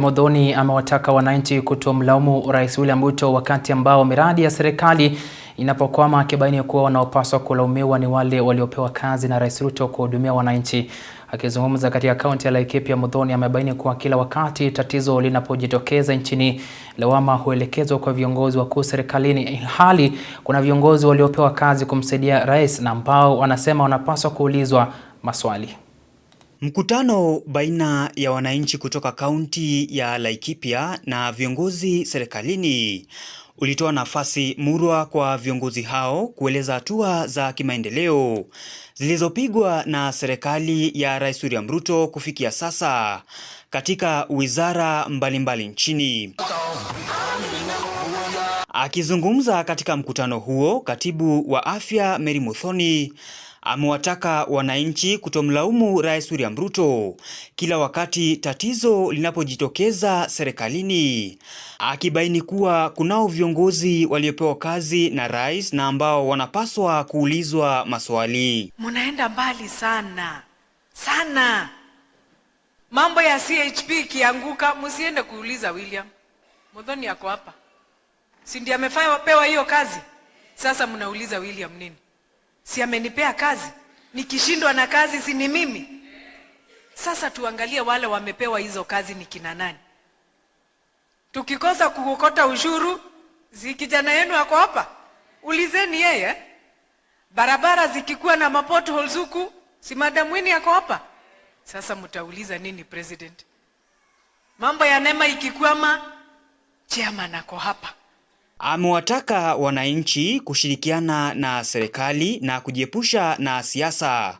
Modhoni amewataka wananchi kutomlaumu Rais William Ruto wakati ambao miradi ya serikali inapokwama, akibaini kuwa wanaopaswa kulaumiwa ni wale waliopewa kazi na Rais Ruto kuhudumia wananchi. Akizungumza katika kaunti ya Laikipia, Modoni amebaini kuwa kila wakati tatizo linapojitokeza nchini, lawama huelekezwa kwa viongozi wakuu serikalini, hali kuna viongozi waliopewa kazi kumsaidia rais na ambao wanasema wanapaswa kuulizwa maswali. Mkutano baina ya wananchi kutoka kaunti ya Laikipia na viongozi serikalini ulitoa nafasi murwa kwa viongozi hao kueleza hatua za kimaendeleo zilizopigwa na serikali ya Rais William Ruto kufikia sasa katika wizara mbalimbali mbali nchini. Akizungumza katika mkutano huo, katibu wa afya Mary Muthoni amewataka wananchi kutomlaumu Rais William Ruto kila wakati tatizo linapojitokeza serikalini, akibaini kuwa kunao viongozi waliopewa kazi na rais na ambao wanapaswa kuulizwa maswali. Munaenda mbali sana sana. Mambo ya CHP ikianguka, msiende kuuliza William Muthoni, yako hapa si ndiye amepewa hiyo kazi? Sasa mnauliza William nini? Si amenipea kazi, nikishindwa na kazi si ni mimi? Sasa tuangalie wale wamepewa hizo kazi ni kina nani. Tukikosa kuokota ushuru, si kijana yenu ako hapa? Ulizeni yeye. Barabara zikikuwa na mapotholes huku, si madam Wini ako hapa? Sasa mtauliza nini president? Mambo ya NEMA ikikwama, chairman ako hapa. Amewataka wananchi kushirikiana na serikali na kujiepusha na siasa,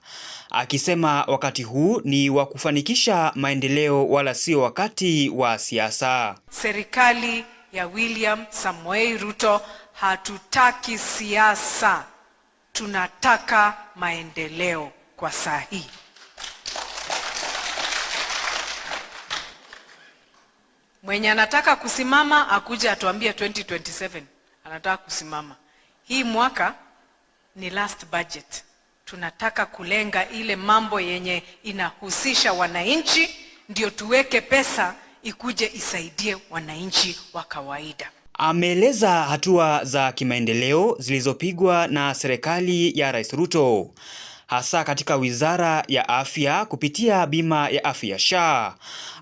akisema wakati huu ni wa kufanikisha maendeleo wala sio wakati wa siasa. Serikali ya William Samoei Ruto, hatutaki siasa, tunataka maendeleo kwa saa hii. Mwenye anataka kusimama akuje atuambie 2027 anataka kusimama. Hii mwaka ni last budget. Tunataka kulenga ile mambo yenye inahusisha wananchi, ndio tuweke pesa ikuje isaidie wananchi wa kawaida. Ameeleza hatua za kimaendeleo zilizopigwa na serikali ya Rais Ruto hasa katika Wizara ya Afya kupitia bima ya afya SHA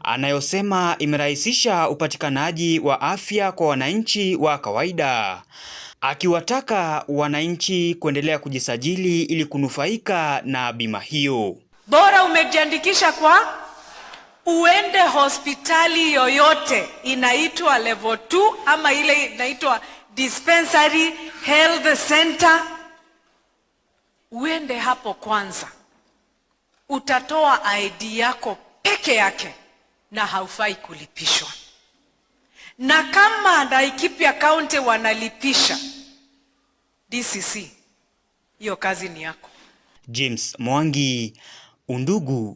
anayosema imerahisisha upatikanaji wa afya kwa wananchi wa kawaida, akiwataka wananchi kuendelea kujisajili ili kunufaika na bima hiyo. Bora umejiandikisha kwa uende hospitali yoyote inaitwa level 2 ama ile inaitwa dispensary health center twende hapo kwanza. Utatoa ID yako peke yake na haufai kulipishwa. Na kama Laikipia kaunti wanalipisha DCC, hiyo kazi ni yako. James Mwangi, Undugu